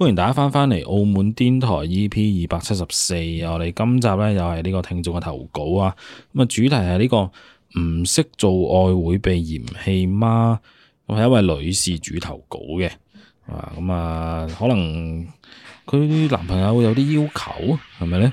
歡迎大家翻返嚟澳門癲台 EP 二百七十四，我哋今集咧又係呢個聽眾嘅投稿啊，咁啊主題係呢個唔識做愛會被嫌棄嗎？係一位女士主投稿嘅，啊咁啊可能佢啲男朋友會有啲要求，係咪咧？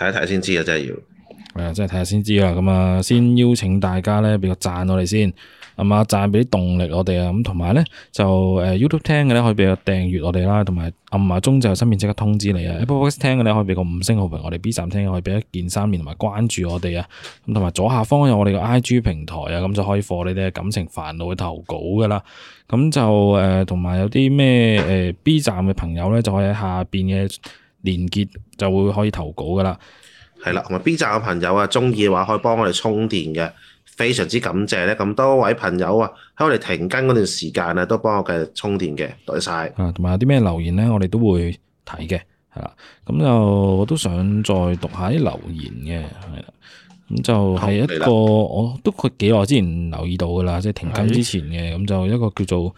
睇一睇先知啊，真係要，誒真係睇下先知啊，咁啊先邀請大家咧俾個讚我哋先。係嘛，讚俾啲動力我哋、呃、啊，咁同埋咧就誒 YouTube 聽嘅咧可以俾個訂閱我哋啦，同埋㩒埋鐘就有新片即刻通知你啊。Apple Podcast 聽嘅咧可以俾個五星好評，我哋 B 站聽嘅可以俾一鍵三連同埋關注我哋啊。咁同埋左下方有我哋個 IG 平台啊，咁就可以放你哋嘅感情煩惱嘅投稿噶啦。咁就誒同埋有啲咩誒 B 站嘅朋友咧，就可以喺下邊嘅連結就會可以投稿噶啦。係啦，同埋 B 站嘅朋友啊，中意嘅話可以幫我哋充電嘅。非常之感謝咧，咁多位朋友啊，喺我哋停更嗰段時間啊，都幫我繼續充電嘅，多謝晒，啊，同埋有啲咩留言咧，我哋都會睇嘅，係啦。咁就我都想再讀下啲留言嘅，係啦。咁就係一個我都佢幾耐之前留意到噶啦，即係停更之前嘅。咁就一個叫做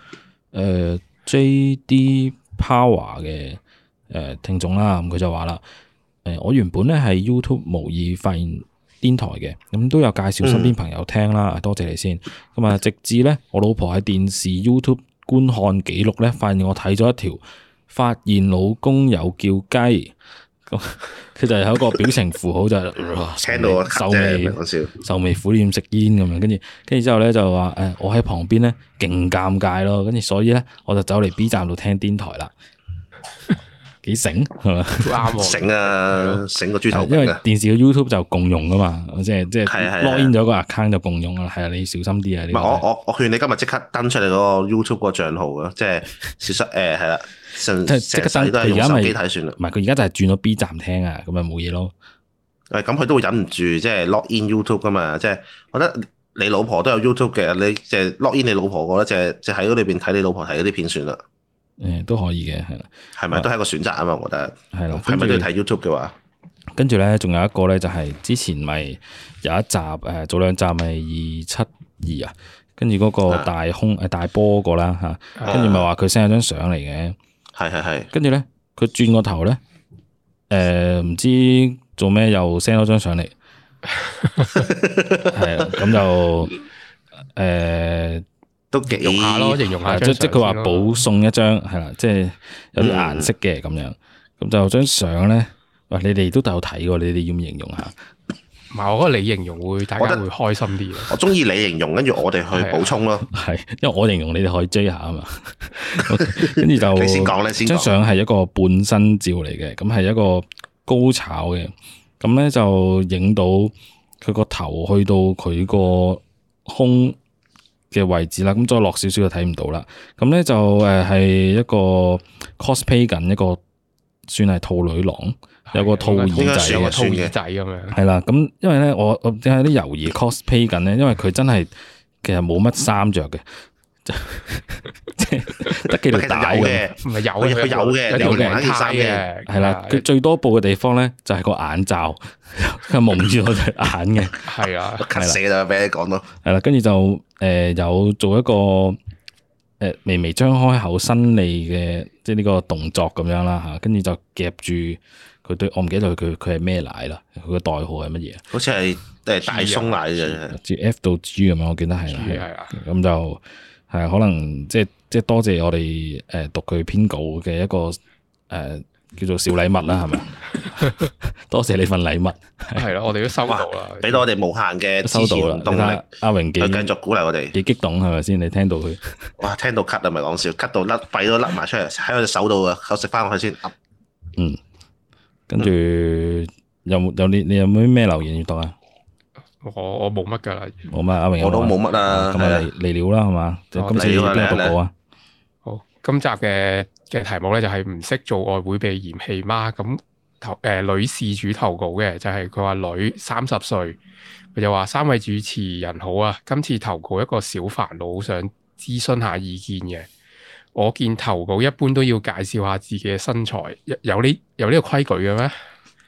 誒 J D Power 嘅誒聽眾啦，咁佢就話啦，誒我原本咧係 YouTube 無意發現電台嘅，咁都、嗯、有介紹身邊朋友聽啦，多謝你先。咁啊，直至呢，我老婆喺電視 YouTube 觀看記錄呢，發現我睇咗一條，發現老公有叫雞，佢 就係有一個表情符號就係 啊、聽到我，愁眉愁眉苦臉食煙咁樣，跟住跟住之後，後、哎、呢，就話誒，我喺旁邊呢，勁尷尬咯，跟住所以呢，我就走嚟 B 站度聽電台啦。幾醒係嘛？啱醒啊，醒個豬頭。因為電視個 YouTube 就共用噶嘛，即係即係 login 咗個 account 就共用啦。係啊，你小心啲啊！你。我我我勸你今日即刻登出嚟嗰個 YouTube 個賬號啊，即係小實誒係啦，成即刻睇都係用手機睇算啦。唔係佢而家就係轉咗 B 站聽啊，咁咪冇嘢咯。誒，咁佢都會忍唔住，即係 login YouTube 噶嘛？即係我覺得你老婆都有 YouTube 嘅，你即係 login 你老婆，我覺得就就喺嗰裏邊睇你老婆睇嗰啲片算啦。誒，都可以嘅，係啦，係咪都係一個選擇啊嘛？我覺得係咯，係咪都要睇 YouTube 嘅話，跟住咧，仲、嗯、有一個咧，就係、是、之前咪有一集誒，早兩集咪二七二啊，跟住嗰個大空誒大波個啦吓，跟住咪話佢 send 咗張相嚟嘅，係係係，跟住咧佢轉個頭咧，誒、呃、唔知做咩又 send 咗張相嚟，係咁就誒。形容下咯，形容下。即即佢話補送一張，係 啦樂，即係有啲顏色嘅咁樣。咁就張相咧，喂，你哋都都有睇過，你哋要唔唔形容下？唔係，我覺得你形容會，大家會開心啲。我中意你形容，跟住我哋去補充咯。係、啊，因為我形容你哋可以追下啊嘛。跟 住後就， 你先講咧，先。張相係一個半身照嚟嘅，咁係一個高炒嘅，咁咧就影到佢個頭去到佢個胸嘅位置啦，咁再落少少就睇唔到啦。咁咧就誒係、呃、一個 cosplay 緊一個算係兔女郎，的有個兔耳仔啊，有個兔耳仔咁樣。係啦，咁因為咧我我淨係啲猶豫 cosplay 緊咧，因為佢真係其實冇乜衫着嘅。即係得幾條帶咁，唔係，有佢有嘅，有嘅，有嘅。係啦，佢最多布嘅地方咧，就係個眼罩，佢係蒙住我隻眼嘅。係啊，急死啦！俾你講咯。係啦，跟住就誒有做一個誒微微張開口伸脷嘅，即係呢個動作咁樣啦吓。跟住就夾住佢對，我唔記得咗佢佢係咩奶啦，佢嘅代號係乜嘢？好似係即係，大鬆奶咋，即係 F 到 G 咁樣，我記得係係係啊，咁就。係可能即係即係多謝我哋誒讀佢編稿嘅一個誒叫做小禮物啦，係咪？多謝你份禮物，係咯，我哋都收到啦，俾到我哋無限嘅支持動力。阿榮繼續鼓勵我哋，幾激動係咪先？你聽到佢？哇，聽到咳啊，唔係講笑，咳到甩肺都甩埋出嚟，喺我隻手度啊，我食翻落去先。嗯，跟住有冇有你你有冇啲咩留言要讀啊？我我冇乜噶啦，冇乜阿明，我都冇乜啦，咁啊嚟料啦係嘛？今次邊度讀到啊？好，今集嘅嘅題目呢就係唔識做愛會被嫌棄嗎？咁投誒、呃、女事主投稿嘅就係佢話女三十歲，佢就話三位主持人好啊，今次投稿一個小煩惱想諮詢下意見嘅，我見投稿一般都要介紹下自己嘅身材，有有呢有呢個規矩嘅咩？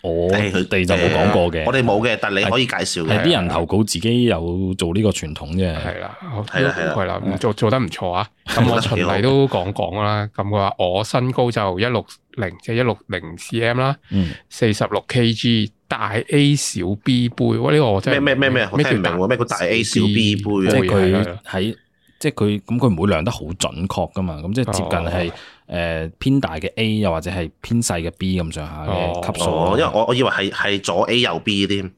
我哋就冇講過嘅，我哋冇嘅，但你可以介紹嘅。係啲人投稿自己有做呢個傳統啫，係啦，係啦，係啦，做做得唔錯啊！咁我循例都講講啦。咁佢話我身高就一六零，即係一六零 cm 啦，四十六 kg，大 A 小 B 杯。喂，呢個真係咩咩咩咩？我聽唔明喎，咩叫大 A 小 B 杯？即係佢喺，即係佢咁，佢唔會量得好準確噶嘛？咁即係接近係。誒，偏大嘅 A 又或者係偏細嘅 B 咁上下嘅級數，因為我我以為係係左 A 右 B 添。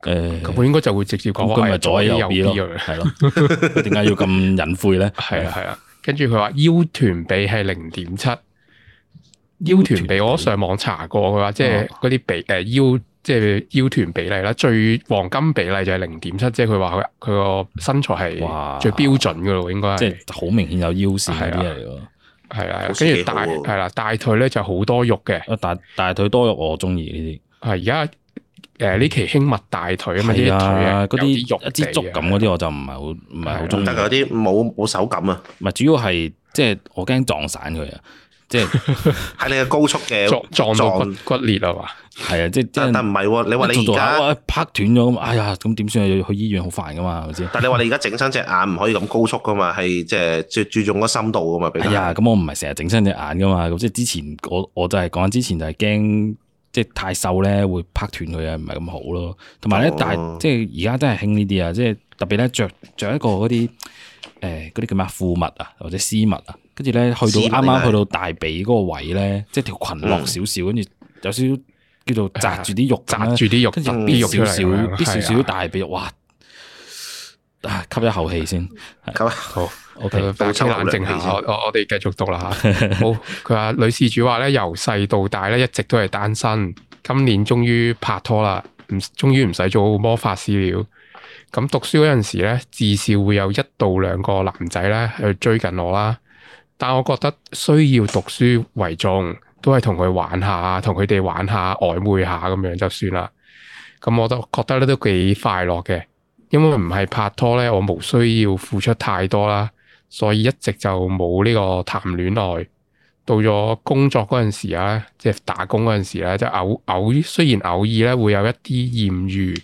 誒，咁應該就會直接講，咁咪左 A 右 B 咯，係咯？點解要咁隱晦咧？係啊係啊，跟住佢話腰臀比係零點七，腰臀比我上網查過佢話，即係嗰啲比誒腰即係腰臀比例啦，最黃金比例就係零點七，即係佢話佢佢個身材係最標準噶咯，應該即係好明顯有腰線嗰啲嚟係啦，跟住大係啦，大腿咧就好多肉嘅。大大腿多肉我，我中意呢啲。係而家誒呢期興襯大腿啊嘛，啲的腿啊，嗰啲些一支竹咁嗰啲，我就唔係好唔係好中意。的但係有啲冇冇手感啊？唔係主要係即係我驚撞散佢啊。即係喺你嘅高速嘅撞 撞，骨，撞骨，骨裂啊嘛，係啊，即係但唔係喎，啊、 你話你而家拍斷咗，哎呀，咁點算啊？去醫院好煩噶嘛，係咪先？但你話你而家整親隻眼唔可以咁高速噶嘛，係即係最注重嗰深度噶嘛？係啊，咁我唔係成日整親隻眼噶嘛，咁即係之前我我就係、是、講之前就係驚即係太瘦咧會拍斷佢啊，唔係咁好咯。同埋咧，但係即係而家真係興呢啲啊，即係特別咧着着一個嗰啲誒嗰啲叫咩啊，褲襪啊或者絲襪啊。跟住咧，去到啱啱去到大髀嗰個位咧，即係條裙落少少，跟住有少少叫做紮住啲肉，紮住啲肉，紮住啲肉出嚟少少，少少大髀肉。哇！吸一口氣先，吸好。O K，保持冷靜氣。我我哋繼續讀啦。好，佢話女事主話咧，由細到大咧，一直都係單身。今年終於拍拖啦，唔，終於唔使做魔法師了。咁讀書嗰陣時咧，至少會有一到兩個男仔咧去追緊我啦。但我覺得需要讀書為重，都係同佢玩下，同佢哋玩下，曖昧下咁樣就算啦。咁我都覺得咧都幾快樂嘅，因為唔係拍拖咧，我冇需要付出太多啦，所以一直就冇呢個談戀愛。到咗工作嗰陣時啊，即係打工嗰陣時咧，就偶偶雖然偶爾咧會有一啲艷遇，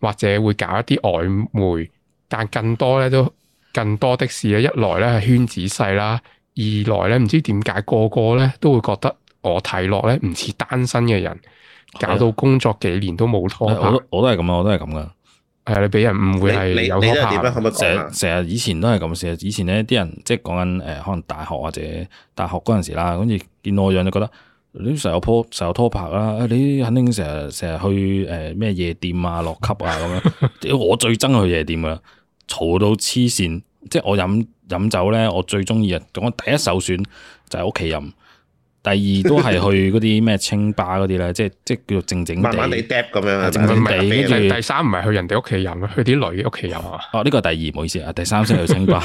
或者會搞一啲曖昧，但更多咧都更多的事咧，一來咧係圈子細啦。二來咧，唔知點解個個咧都會覺得我睇落咧唔似單身嘅人。的搞到工作幾年都冇拖，我都我係咁啊，我都係咁噶。係啊，你俾人誤會係你有拖，你你你可怕。成成日以前都係咁先，以前咧啲人即係講緊誒，可能大學或者大學嗰陣時啦，跟住見到我樣就覺得你成日有拖成日拖拍啦，你肯定成日成日去誒咩、呃、夜店啊、落級啊咁樣。 我最憎去夜店啦，嘈到黐線，即係我飲。飲酒咧，我最中意啊！講第一首選就係屋企飲，第二都係去嗰啲咩清吧嗰啲咧，即係即係叫做靜靜地嗒咁樣。第三唔係去人哋屋企飲咯，去啲女嘅屋企飲啊！哦，呢個第二，唔好意思啊！第三先去清吧，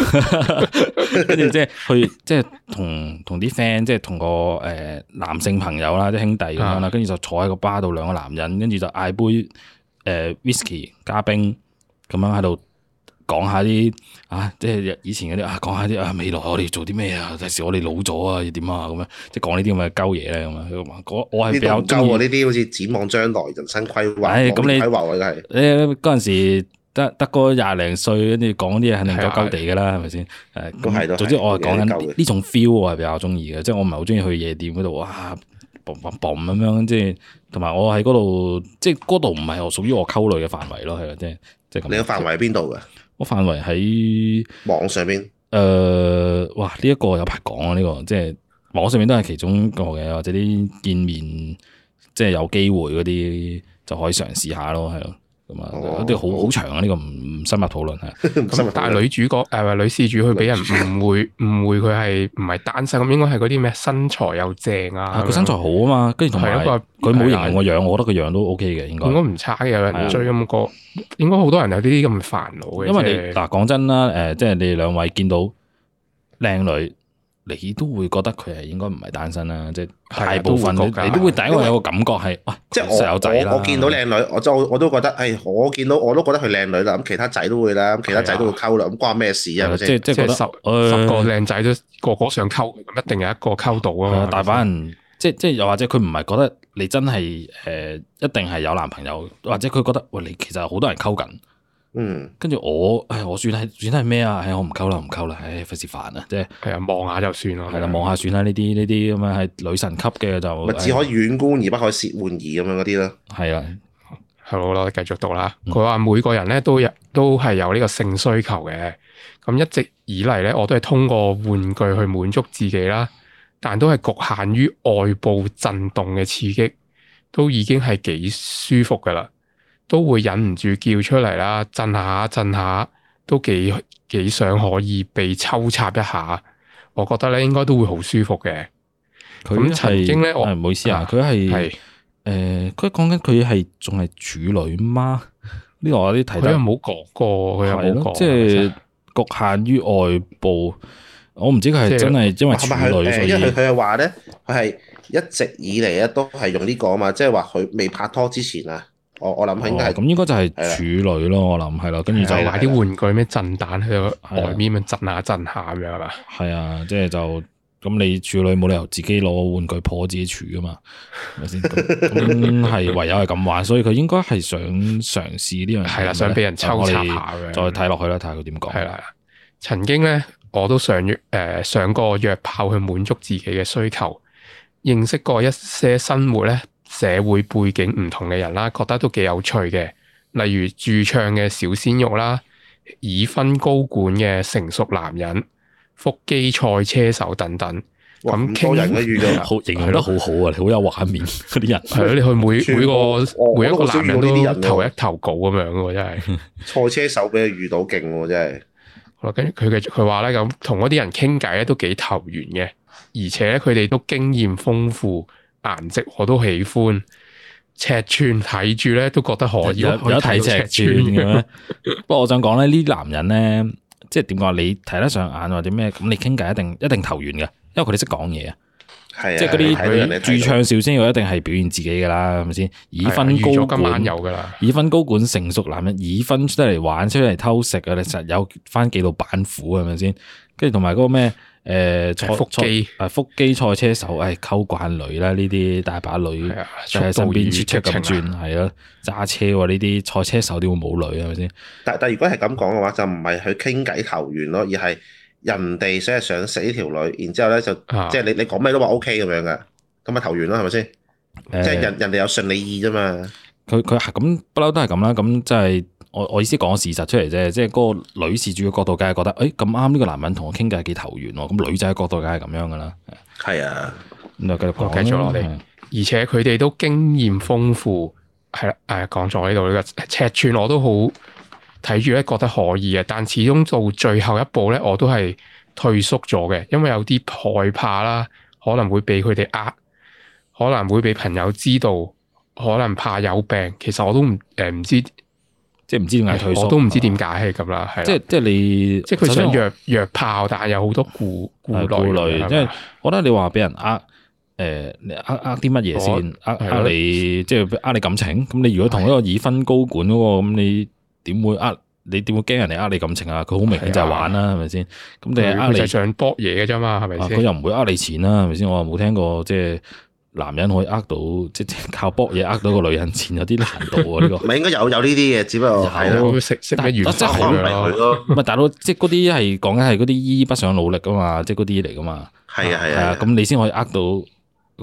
跟住即係去即係同同啲 friend，即係同個誒男性朋友啦，啲兄弟咁樣啦，跟住就坐喺個吧度，兩個男人跟住就嗌杯誒 whisky 加冰咁樣喺度。講下啲啊，即係以前嗰啲啊，講下啲啊未來我哋做啲咩啊？第時我哋老咗啊要點啊？咁樣即係講呢啲咪鳩嘢咧？咁啊，我我係比較鳩啊呢啲，好似展望將來人生規劃，咁你規劃啊，係誒嗰陣時得得個廿零歲，跟住講啲嘢肯定夠鳩地噶啦，係咪先？誒咁係，總之我係講緊呢種 feel 我係，比較中意嘅，即係我唔係好中意去夜店嗰度，哇嘣嘣嘣咁樣，即係同埋我喺嗰度，即係嗰度唔係我屬於我溝女嘅範圍咯，係咪先？即係咁。你個範圍喺邊度噶？我範圍喺網上邊，誒、呃，哇！呢、這、一個有排講啊，呢、這個即係網上面都係其中一個嘅，或者啲見面，即係有機會嗰啲就可以嘗試下咯，係咯。咁啊，啲好好長啊！呢、這個唔唔深入討論係， 但係女主角誒、呃，女事主去俾人誤會誤會佢係唔係單身咁，應該係嗰啲咩身材又正啊，佢、 啊、身材好啊嘛，跟住同埋一個佢冇形容個樣，啊、我覺得個樣都 O K 嘅，應該唔差嘅，有人追咁過，啊、應該好多人有啲啲咁煩惱嘅。因為嗱講、就是啊、真啦，誒、呃，即係你哋兩位見到靚女。你都會覺得佢係應該唔係單身啦，即係大部分你都會第一個有個感覺係，即係我我見到靚女，我就我都覺得，誒，我見到我都覺得佢靚女啦，咁其他仔都會啦，咁其他仔都會溝啦，咁關咩事啊？即係即係十十個靚仔都個個想溝，一定有一個溝到啊！大把人，即係即係又或者佢唔係覺得你真係誒，一定係有男朋友，或者佢覺得，喂，你其實好多人溝緊。嗯，跟住我，我算係算係咩啊？唉，我唔溝啦，唔溝啦，唉，費事煩啊！即係，係啊，望下就算咯，係啦的，望下算啦，呢啲呢啲咁樣，係女神級嘅就，只可以遠觀而不可以褻玩而咁樣嗰啲啦。係啊的，係好啦的，繼續讀啦。佢話每個人咧都有，都係有呢個性需求嘅。咁一直以嚟咧，我都係通過玩具去滿足自己啦，但都係局限於外部震動嘅刺激，都已經係幾舒服噶啦。都會忍唔住叫出嚟啦，震下震下都幾幾想可以被抽插一下，我覺得咧應該都會好舒服嘅。佢曾經咧，我唔好意思啊，佢係誒，佢講緊佢係仲係處女嗎？呢個我啲睇得冇講過，佢又冇講，即係局限於外部。我唔知佢係真係因為處女，因為佢又話咧，佢係一直以嚟咧都係用呢個啊嘛，即係話佢未拍拖之前啊。我我諗係應該係，咁應該就係處女咯。我諗係咯，跟住就買啲玩具咩震蛋去外面咁震下震下咁樣係嘛？係啊，即係就咁你處女冇理由自己攞玩具破自己處㗎嘛，係咪先？係唯有係咁玩，所以佢應該係想嘗試呢樣嘢。係啦，想俾人抽插下。再睇落去啦，睇下佢點講。係啦，曾經咧我都上藥誒上過約炮去滿足自己嘅需求，認識過一些生活咧。社會背景唔同嘅人啦，覺得都幾有趣嘅。例如駐唱嘅小鮮肉啦，已婚高管嘅成熟男人，腹肌賽車手等等。咁傾人嘅遇到，形容得好好啊！你好有畫面嗰啲人。係咯，你去每每個每一個男人都一投一投稿咁樣喎，真係。賽車手俾你遇到勁喎，真係。跟住佢嘅佢話咧，咁同嗰啲人傾偈咧都幾投緣嘅，而且佢哋都經驗豐富。顏色我都喜歡，尺寸睇住咧都覺得可以有睇尺寸咁 不過我想講咧，呢啲男人咧，即係點講？你睇得上眼或者咩？咁你傾偈一定一定投緣嘅，因為佢哋識講嘢啊。係啊，即係嗰啲佢駐唱少先，我一定係表現自己噶啦，係咪先？已婚高管，已婚、啊、高管成熟男人，已婚出嚟玩，出嚟偷食啊！你實有翻幾度板斧，係咪先？跟住同埋嗰個咩？誒坐腹肌，誒腹肌賽車手，誒、哎、溝慣女啦、啊，呢啲大把女坐喺身邊切出咁轉，係咯，揸車喎，呢啲賽車手點會冇女啊？係咪先？但但如果係咁講嘅話，就唔係去傾偈投緣咯，而係人哋先係想死呢條女，然之後咧就、嗯、即係你你講咩都話 O K 咁樣嘅，咁咪投緣啦，係咪先？嗯、即係人人哋有順你意啫嘛。佢佢係咁不嬲都係咁啦。咁即係。我我意思講個事實出嚟啫，即係嗰個女事主嘅角度，梗係覺得誒咁啱呢個男人同我傾偈係幾投緣喎。咁、嗯、女仔嘅角度樣，梗係咁樣噶啦。係啊，咁啊繼續講繼續落嚟。是是而且佢哋都經驗豐富，係啦誒，講咗呢度呢個尺寸我都好睇住咧，覺得可以嘅。但始終到最後一步咧，我都係退縮咗嘅，因為有啲害怕啦，可能會畀佢哋呃，可能會畀朋友知道，可能怕有病。其實我都唔誒唔知。即係唔知點解退縮，都唔知點解係咁啦。即係即係你，即係佢想約約炮，但係有好多顧顧慮。即係我覺得你話俾人呃，誒你呃呃啲乜嘢先？呃呃你即係呃你感情。咁你如果同一個已婚高管喎，咁你點會呃？你點會驚人哋呃你感情啊？佢好明顯就係玩啦，係咪先？咁你係呃你想搏嘢嘅啫嘛，係咪先？佢又唔會呃你錢啦，係咪先？我冇聽過即係。男人可以呃到，即係靠搏嘢呃到個女人錢有啲難度啊！呢個唔係應該有有呢啲嘢，只不過係咯識識嘅緣分咪咪佢咯，大佬即係嗰啲係講緊係嗰啲依依不想努力噶嘛，即係嗰啲嚟噶嘛，係啊係啊，咁你先可以呃到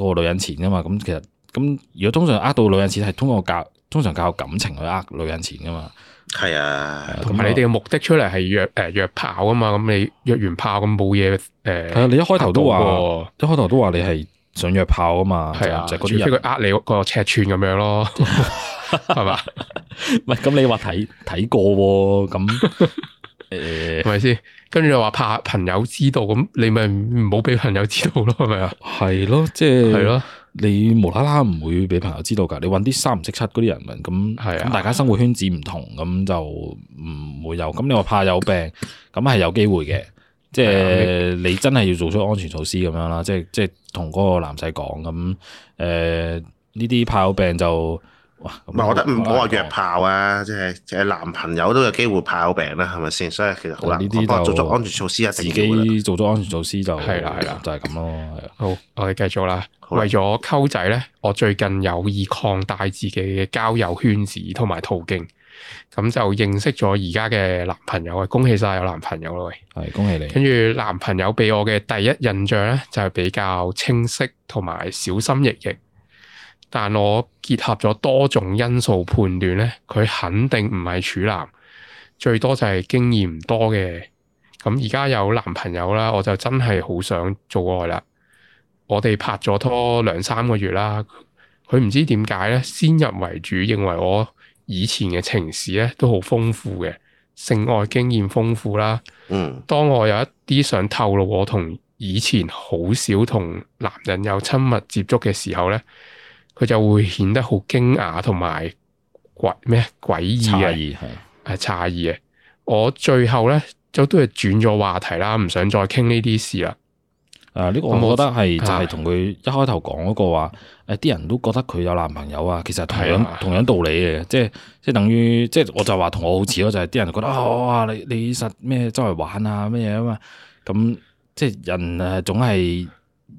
個女人錢噶嘛，咁其實咁如果通常呃到女人錢係通過教，通常靠感情去呃女人錢噶嘛，係啊，同埋你哋嘅目的出嚟係約誒約炮啊嘛，咁你約完炮咁冇嘢誒，係啊，你一開頭都話一開頭都話你係。想約炮啊嘛，係啊，即係佢呃你個尺寸咁樣咯，係嘛 吧？唔係咁你話睇睇過喎、啊，咁係咪先？跟住又話怕朋友知道，咁你咪唔好俾朋友知道咯，係咪 啊？係、就、咯、是，即係咯，你無啦啦唔會俾朋友知道噶，你搵啲三唔識七嗰啲人咁，咁、啊、大家生活圈子唔同，咁就唔會有。咁你話怕有病，咁係有機會嘅。即係你真係要做出安全措施咁樣啦，即係即係同嗰個男仔講咁，誒呢啲炮病就唔係，哇我覺得唔好話約炮啊，即係即係男朋友都有機會炮病啦、啊，係咪先？所以其實好難呢啦，咁做做安全措施一定嘅啦。自己做咗安全措施就係啦，係啦，就係咁咯。係啊。 好，我哋繼續啦。的為咗溝仔咧，我最近有意擴大自己嘅交友圈子同埋途徑。咁就認識咗而家嘅男朋友啊，恭喜晒有男朋友咯。喂，係恭喜你。跟住男朋友俾我嘅第一印象咧，就係比較清晰同埋小心翼翼。但我結合咗多種因素判斷咧，佢肯定唔係處男，最多就係經驗唔多嘅。咁而家有男朋友啦，我就真係好想做愛啦。我哋拍咗拖兩三個月啦，佢唔知點解咧，先入為主認為我。以前嘅情史咧都好豐富嘅，性愛經驗豐富啦。嗯，當我有一啲想透露我同以前好少同男人有親密接觸嘅時候咧，佢就會顯得好驚訝同埋鬼咩？詭異啊！詭異係啊，詫異嘅。我最後咧就都係轉咗話題啦，唔想再傾呢啲事啦。啊！呢、這個我覺得係、嗯、就係同佢一開頭講嗰個話，啲的、啊、人都覺得佢有男朋友啊，其實同樣的同樣道理嘅，即係即係等於即係我就話同我好似咯，就係、是、啲人覺得啊、哦，你你實咩周圍玩啊咩嘢啊嘛，咁即係人誒總係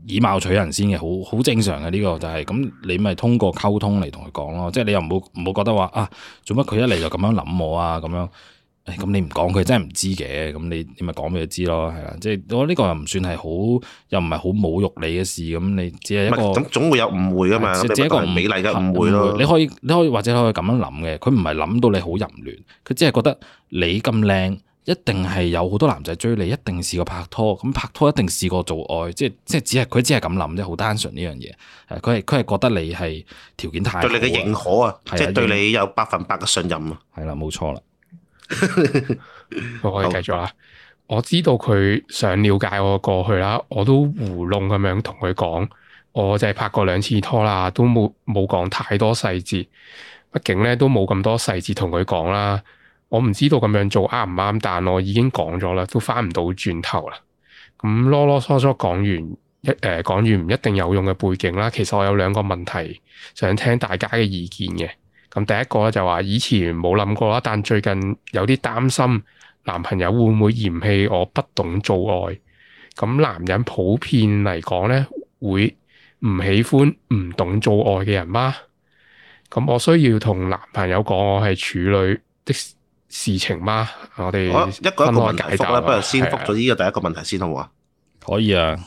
以貌取人先嘅，好好正常嘅呢、這個就係、是、咁，你咪通過溝通嚟同佢講咯，即係你又唔好唔好覺得話啊做乜佢一嚟就咁樣諗我啊咁樣？咁你唔講佢真係唔知嘅，咁你你咪講俾佢知咯，係啦，即係我呢個又唔算係好，又唔係好侮辱你嘅事，咁你只係一個咁總會有誤會噶嘛，啊啊，只係一個美麗嘅誤會咯。你可以你可以或者可以咁樣諗嘅，佢唔係諗到你好淫亂，佢只係覺得你咁靚，一定係有好多男仔追你，一定試過拍拖，咁拍拖一定試過做愛，即係即係只係佢只係咁諗即好單純呢樣嘢。佢係佢係覺得你係條件太對你嘅認可啊，即係對你有百分百嘅信任啊。係啦，冇錯啦。我可以繼續啦。 好我知道佢想了解我過去啦，我都糊弄咁樣同佢講，我就係拍過兩次拖啦，都冇冇講太多細節。畢竟呢都冇咁多細節同佢講啦。我唔知道咁樣做啱唔啱，但我已經講咗啦，都翻唔到轉頭啦。咁囉囉嗦嗦講完一誒，講、呃、完唔一定有用嘅背景啦。其實我有兩個問題想聽大家嘅意見嘅。咁第一個咧，就話以前冇諗過啦，但最近有啲擔心男朋友會唔會嫌棄我不懂做愛？咁男人普遍嚟講呢，會唔喜歡唔懂做愛嘅人嗎？咁我需要同男朋友講我係處女的事情嗎？我哋一個一個解答啦，不如先復咗呢個第一個問題先好啊？可以啊。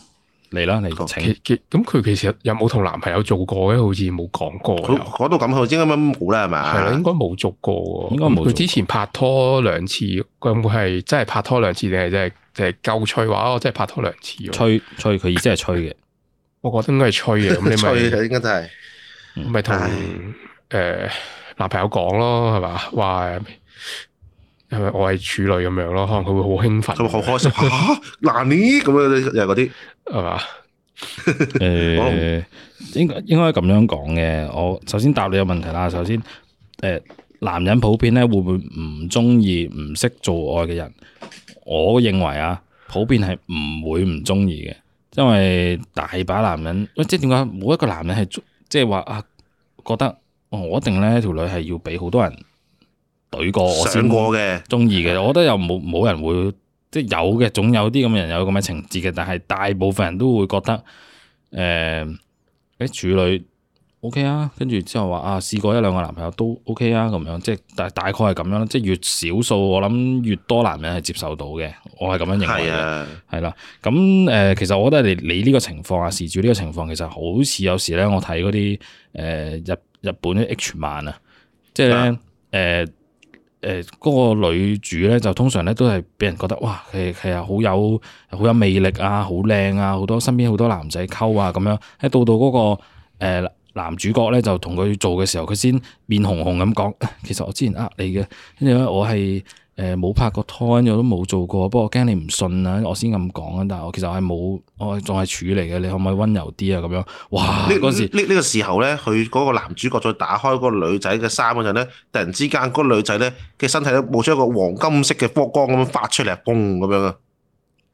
嚟啦，你。請。咁佢其，其，其實有冇同男朋友做過咧？好似冇講過。佢講到咁，我知咁樣冇啦，係咪？係啊，應該冇做過喎。應該冇。佢之前拍拖兩次，佢有冇係真係拍拖兩次，定係即係即係夠吹話？我真係拍拖兩次。吹吹，佢意思係吹嘅。 我覺得應該係吹嘅。咁你咪吹， 應該都係咪同誒男朋友講咯？係嘛？話。係咪我係處女咁樣咯？可能佢會好興奮，咁好開心吓，嗱你咁樣又係嗰啲係嘛？誒，應應該咁樣講嘅。我首先答你個問題啦。首先，誒，男人普遍咧會唔會唔中意唔識做愛嘅人？我認為啊，普遍係唔會唔中意嘅，因為大把男人喂，即係點解冇一個男人係即係話啊？覺得我、哦、一定咧條女係要俾好多人。懟過我嘅中意嘅，我覺得又冇冇人會，即係有嘅，總有啲咁嘅人有咁嘅情節嘅，但係大部分人都會覺得，誒、呃，誒，處女，OK 啊，跟住之後話啊，試過一兩個男朋友都 OK 啊，咁樣，即係大大概係咁樣啦，即係越少數，我諗越多男人係接受到嘅，我係咁樣認為嘅，係啊，係啦，咁誒、呃，其實我覺得你你呢個情況啊，事主呢個情況，其實好似有時咧，我睇嗰啲誒日日本啲 H 漫啊，即係咧誒。誒嗰個女主咧，就通常咧都係俾人覺得，哇！係係啊，好有好有魅力啊，好靚啊，好多身邊好多男仔溝啊，咁樣喺到到嗰個誒男主角咧，就同佢做嘅時候，佢先面紅紅咁講，其實我之前呃你嘅，跟住咧我係。誒，冇拍過拖，我都冇做過，不過我驚你唔信啊，我先咁講啊。但係我其實我係冇，我仲係處理嘅。你可唔可以溫柔啲啊？咁樣，哇！呢個這時呢呢、這個時候咧，佢嗰個男主角再打開嗰女仔嘅衫嗰陣咧，突然之間嗰、那個、女仔咧嘅身體都冒出一個黃金色嘅波光咁發出嚟，光咁樣啊。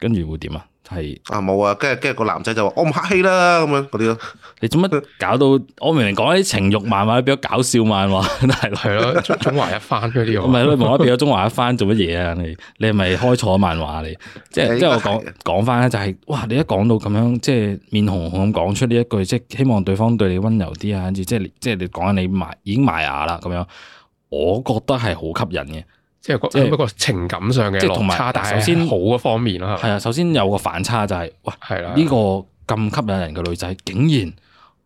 跟住會點啊？係啊冇啊，跟住跟住個男仔就話我唔客氣啦，咁樣啲咯。 你做乜搞到我明明講啲情欲漫畫，比咗搞笑漫畫，係咯？中中華一番嗰啲，唔係你無啦啦變咗中華一番，做乜嘢啊？你你係咪開錯漫畫你，即係即係我講講翻咧，就係、是、哇！你一講到咁樣，即係面紅紅咁講出呢一句，即係希望對方對你溫柔啲啊！即係即係你講緊你埋已經埋牙啦咁樣，我覺得係好吸引嘅。即係一個情感上嘅即落差，但、即係即係、先，但係好嘅方面咯。係啊，首先有個反差就係、係，哇，係啦的，呢個咁吸引的人嘅女仔，竟然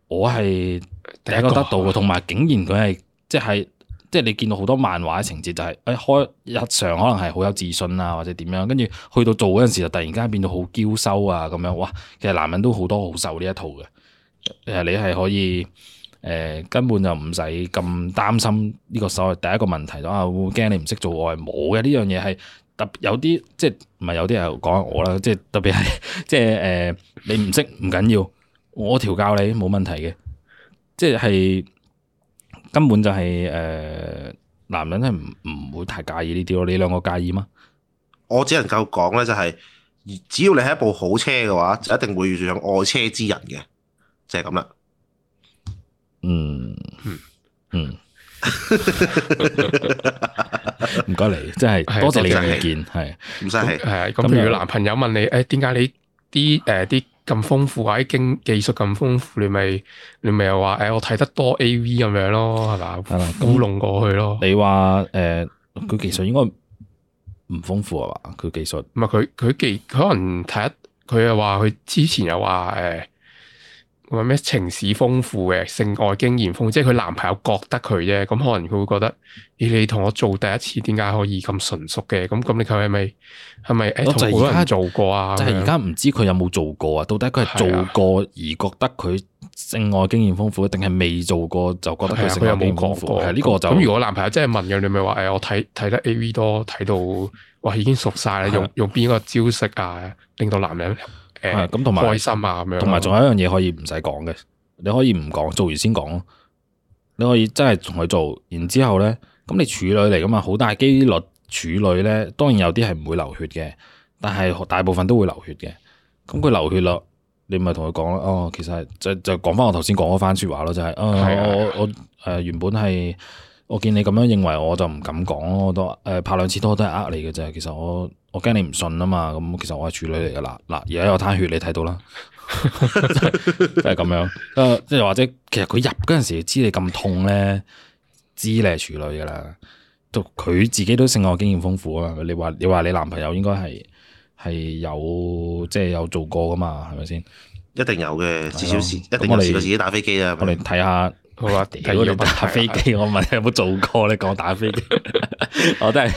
我係第一個得到嘅，同埋竟然佢係即係即係你見到好多漫畫嘅情節、就係，就係誒開日常可能係好有自信啊，或者點樣，跟住去到做嗰陣時就突然間變到好嬌羞啊咁樣，哇！其實男人都好多好受呢一套嘅，誒、呃、你係可以。誒、呃、根本就唔使咁擔心呢個所謂，第一個問題咯啊，會驚你唔識做愛冇嘅呢樣嘢係特有啲即係唔係有啲人講我啦，即係特別即、呃、係即係誒你唔識唔緊要，我調教你冇問題嘅，即係根本就係、是、誒、呃、男人係唔唔會太介意呢啲咯，你兩個介意嗎？我只能夠講咧、就是，就係只要你係一部好車嘅話，就一定會遇上愛車之人嘅，就係咁啦。嗯嗯唔該你，真係、啊、多謝你嘅意見，係唔使係。咁如果男朋友問你，誒樣，點解、哎、你啲誒啲咁豐富或者經技術咁豐富，你咪你咪又話，誒、哎，我睇得多 A V 咁樣咯，係嘛，糊弄、啊、過去咯。你話誒，佢、呃、技術應該唔豐富係嘛？佢技術，唔係佢佢技可能睇，佢又話佢之前又話誒。嗯話咩情史豐富嘅性愛經驗豐富，即係佢男朋友覺得佢啫，咁可能佢會覺得、哎、你你同我做第一次，點解可以咁純熟嘅？咁咁你佢係咪係咪？是是我就而家、哎、做過啊，即係而家唔知佢有冇做過啊？到底佢係做過而覺得佢性愛經驗豐富，定係未做過就覺得佢有冇講過。呢、這個就咁。如果男朋友真係問嘅，你咪話誒，我睇睇得 A V 多，睇到哇已經熟晒啦，用的用邊個招式啊，令到男人？係咁，同埋、嗯、開心啊咁樣，同埋仲有一樣嘢可以唔使講嘅，你可以唔講，做完先講咯。你可以真係同佢做，然之後咧，咁你處女嚟㗎嘛？好大幾率處女咧，當然有啲係唔會流血嘅，但係大部分都會流血嘅。咁佢流血咯，你咪同佢講咯。哦，其實就就講翻我頭先講嗰番說話咯，就係，就就是哦、啊，我我誒、呃，原本係。我見你咁樣認為，我就唔敢講咯。我都誒、呃，拍兩次拖都係呃你嘅啫。其實我我驚你唔信啊嘛。咁其實我係處女嚟噶啦。嗱，而家有灘血，你睇到啦，係咁 樣。誒，即係或者，其實佢入嗰陣時知你咁痛咧，的知你係處女噶啦。就佢自己都性愛經驗豐富啊。你話你話你男朋友應該係係有即係、就是、有做過噶嘛？係咪先？一定有嘅，至少是了一定試過自己打飛機啦。是是我哋睇下。好啊！點解要打飛機？我問你有冇做過？你講打飛機，我都係。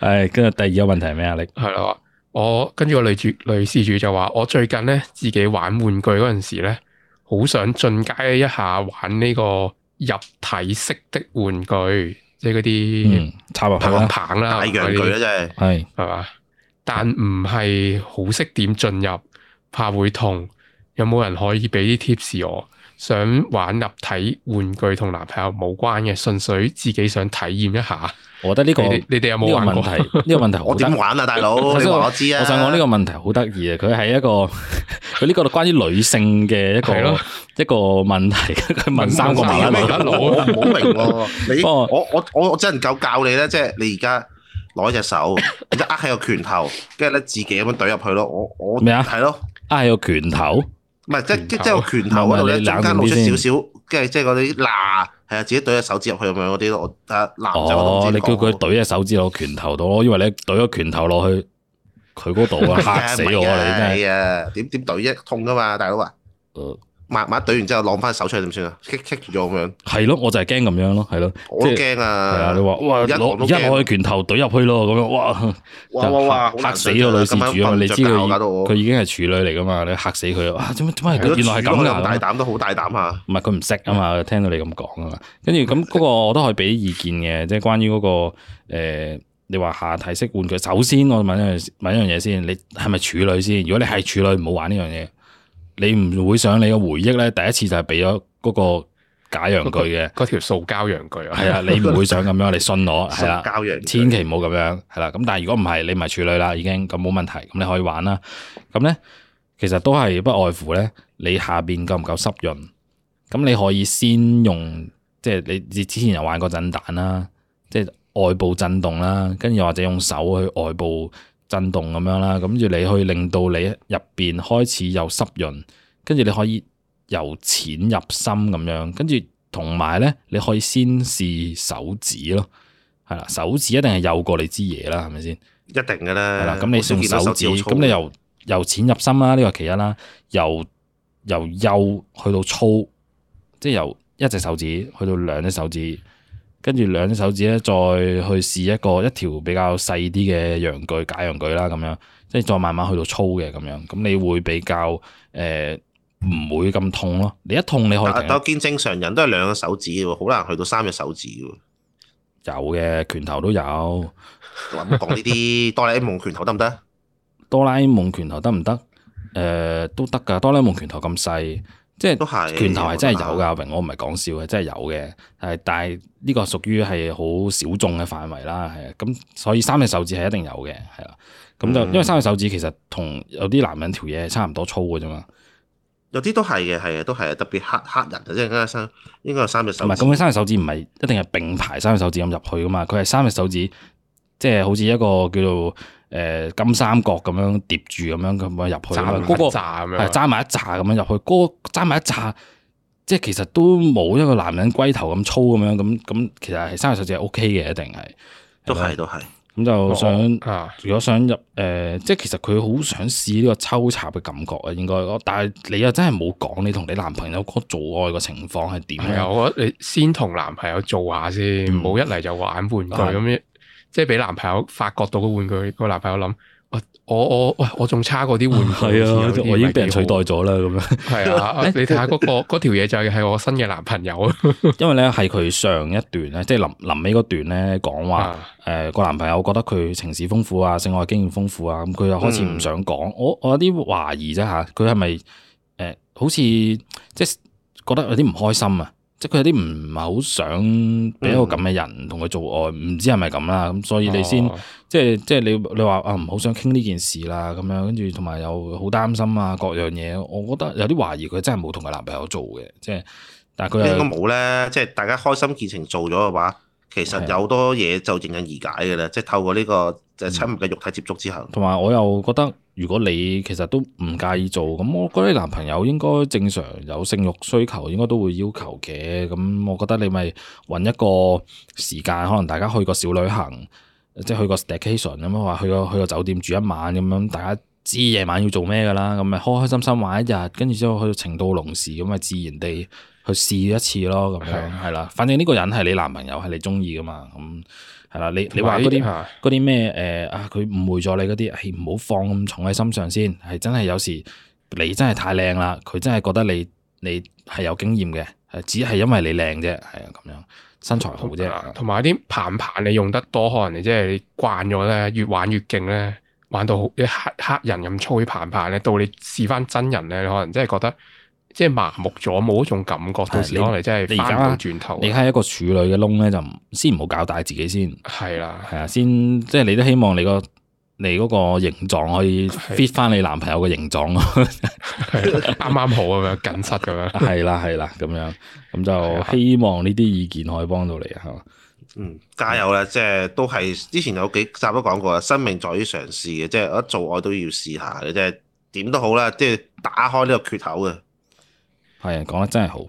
誒，跟住第二個問題係咩壓力？係咯，我跟住 個女住女事主就話：我最近咧自己玩玩具嗰陣時咧，好想進階一下玩呢個入體式的玩具，即係嗰啲棒棒啦、大陽具啦，即係係係嘛。但唔係好識點進入，怕會痛。有冇人可以俾啲 tips 我？想玩入體玩具同男朋友冇關嘅，純粹自己想體驗一下。我覺得呢個你你哋有冇玩過呢個問題？呢個問題我點玩啊，大佬？你話我知啊。我想講呢個問題好得意啊，佢係一個佢呢個係關於女性嘅一個一個問題。問三個問題，我唔好明喎。你我我我我真係唔夠教你咧，即係你而家攞一隻手，然之後握喺個拳頭，跟住咧自己咁樣懟入去咯。我我咩啊？係咯，握喺個拳頭。唔係即係即係個拳頭嗰度咧，是中間露出少少，即係即係嗰啲嗱，係啊，自己對隻手指入去咁樣嗰啲咯。我男仔我、哦。你叫佢對隻手指落拳頭度咯，因為你對咗拳頭落去，佢嗰度啊，嚇死我啦！ 啊、你真係啊，點點對啫？痛噶嘛，大佬啊。嗯抹抹懟完之後，攞翻手出點算啊？棘棘住咁樣？係咯，我就係驚咁樣咯，係咯，我驚啊！係啊，你話，一攞一攞佢拳頭懟入去咯，咁樣哇！哇哇哇！吓死個女事主啊！你知道佢已經係處女嚟噶嘛？你吓死佢啊！點點解？原來咁咁大膽都好大膽啊！唔係佢唔識啊嘛，聽到你咁講啊嘛。跟住咁，個我都可以俾啲意見嘅，即係關於嗰個誒，你話下體式玩具。首先，我問一樣問一樣嘢先，你係咪處女先？如果你係處女，唔好玩呢樣嘢。你唔會想你嘅回憶咧，第一次就係俾咗嗰個假陽具嘅，嗰、那個、條塑膠陽具啊！啊，你唔會想咁樣，你信我係啦， 的塑膠陽具，千祈唔好咁樣係啦。咁但係如果唔係，你唔係處女啦，已經咁冇問題，咁你可以玩啦。咁咧，其實都係不外乎咧，你下邊夠唔夠濕潤？咁你可以先用，即係你你之前又玩過震蛋啦，即、就、係、是、外部震動啦，跟住或者用手去外部。震動咁樣啦，咁住你去令到你入邊開始有濕潤，跟住你可以由淺入深咁樣，跟住同埋咧你可以先試手指咯，係啦，手指一定係幼過你支嘢啦，係咪先？一定嘅啦。係啦吧，咁你用手指，咁你由由淺入深啦，呢個其一啦，由由幼去到粗，即係由一隻手指去到兩隻手指，跟住兩隻手指咧，再去試一個一條比較細啲嘅陽具、假陽具啦，咁樣即係再慢慢去到粗嘅咁樣，咁你會比較誒唔會咁痛咯。你一痛，你可以。我見正常人都係兩個手指嘅喎，好難去到三隻手指嘅喎。有嘅，拳頭都有。話唔講呢啲哆啦 A 夢拳頭得唔得？哆啦 A 夢拳頭得唔得？誒，都得㗎。哆啦 A 夢拳頭咁細。即係拳頭係真係有㗎，榮我唔係講笑嘅，真係有嘅。係，但係呢個屬於係好小眾嘅範圍啦，係啊。咁所以三隻手指係一定有嘅，係啦。咁就因為三隻手指其實同有啲男人條嘢係差唔多粗嘅啫嘛。有啲都係嘅，係啊，都係啊，特別黑黑人啊，即係三應該係三隻手。唔係咁，佢三隻手指唔係一定係並排三隻手指咁入去噶嘛？佢係三隻手指，即係好似一個叫做。誒，金三角咁樣疊住，咁樣咁樣入去，嗰、嗰個係揸埋一揸咁樣入去，嗰揸埋一揸，即係其實都冇一個男人龜頭咁粗咁樣，咁咁其實係生廿四字 O K 嘅，一定係都係都係。咁就想、哦、啊，如果想入誒、呃，即係其實佢好想試呢個抽插嘅感覺啊，應該。但係你又真係冇講你同你男朋友個做愛嘅情況係點啊？我覺得你先同男朋友做下先，唔好一嚟就玩玩具咁樣。嗯 即係俾男朋友發覺到個玩具，個男朋友諗我我我喂我仲差過啲玩具，啊， 我已經俾人取代咗啦咁樣。係 啊，你睇下嗰個嗰條嘢就係我新嘅男朋友。 因為咧係佢上一段咧，即係臨臨尾嗰段咧講話，誒個、呃、男朋友覺得佢情史豐富啊，性愛經驗豐富啊，咁佢又開始唔想講、嗯。我我有啲懷疑啫吓，佢係咪誒好似即係覺得有啲唔開心啊？即佢有啲唔唔係好想俾一個咁嘅人同佢做愛，唔、嗯、知係咪咁啦。咁所以你先、哦、即係即係你你話啊唔好想傾呢件事啦咁樣，跟住同埋又好擔心啊各樣嘢。我覺得有啲懷疑佢真係冇同佢男朋友做嘅，即係但佢應該冇咧。即係、就是、大家開心結情做咗嘅話，其實有好多嘢就迎刃而解嘅啦，即係透過呢、這個誒、就是、親密嘅肉體接觸之後。同埋、嗯、我又覺得，如果你其實都唔介意做，咁我覺得男朋友應該正常有性欲需求，應該都會要求嘅。咁我覺得你咪揾一個時間，可能大家去個小旅行，即係去個 staycation 咁啊，去個去個酒店住一晚咁樣，大家知夜晚要做咩噶啦。咁咪開開心心玩一日，跟住之後去到情到濃時咁啊，自然地。去試一次咯，咁樣係啦、啊啊。反正呢個人係你男朋友，係你中意噶嘛，咁係啦。你你話嗰啲啲咩誒啊？佢誤、呃、會咗你嗰啲，係唔好放咁重喺心上先。係真係有時你真係太靚啦，佢真係覺得你你係有經驗嘅，係只係因為你靚啫，係啊咁樣身材好啫。同埋啲棒棒，棒棒你用得多，可能你即係慣咗咧，越玩越勁咧，玩到好你嚇嚇人咁粗嘅棒棒咧，到你試翻真人咧，你可能真係覺得。即係麻木咗，冇嗰種感覺。到時攞嚟，即係你而家轉頭。你係一個處女嘅窿咧，就先唔好搞大自己的先。係啦，係啊，先即係你都希望你、那個你嗰個形狀可以 fit 翻你男朋友嘅形狀咯，啱啱的 好咁樣緊塞，咁樣。係啦，係啦，咁樣咁就希望呢啲意見可以幫到你啊，係嘛的？嗯，加油啦！即、就、係、是、都係之前有幾集都講過啦，生命在於嘗試嘅，即係我一做愛都要試下嘅，即係點都好啦，即、就、係、是、打開呢個缺口嘅。係，講得真係好，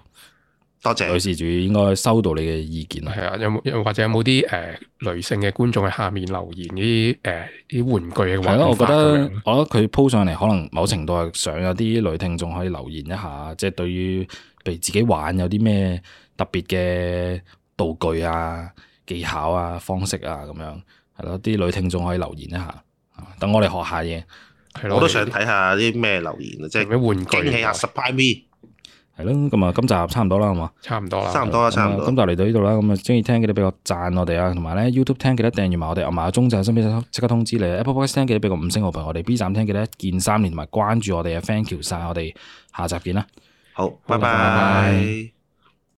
多謝女事主，應該收到你嘅意見啦。係啊，有冇又或者有冇啲誒女性嘅觀眾喺下面留言啲誒啲玩具嘅話，係咯，我覺得咁樣我覺得佢鋪上嚟可能某程度係想有啲女聽眾可以留言一下，即係對於譬如自己玩有啲咩特別嘅道具啊、技巧啊、方式啊咁樣係咯，啲女聽眾可以留言一下，等我哋學下嘢。係咯，我都想睇下啲咩留言即係啲玩具，驚喜下 surprise me。係咯，咁啊，今集差唔多啦，係嘛，差唔多啦，差唔多啦，了差唔多。咁就嚟到呢度啦，咁啊，中意聽記得俾個讚我哋啊，同埋咧 YouTube 聽記得訂閱埋我哋，同埋阿鐘仔身邊即刻通知你，Apple Podcast 聽記得俾個五星好評，我哋 B 站聽記得見三連同埋關注我哋嘅 Fan 橋晒，謝謝，我哋下集見啦，好，好拜拜。拜拜。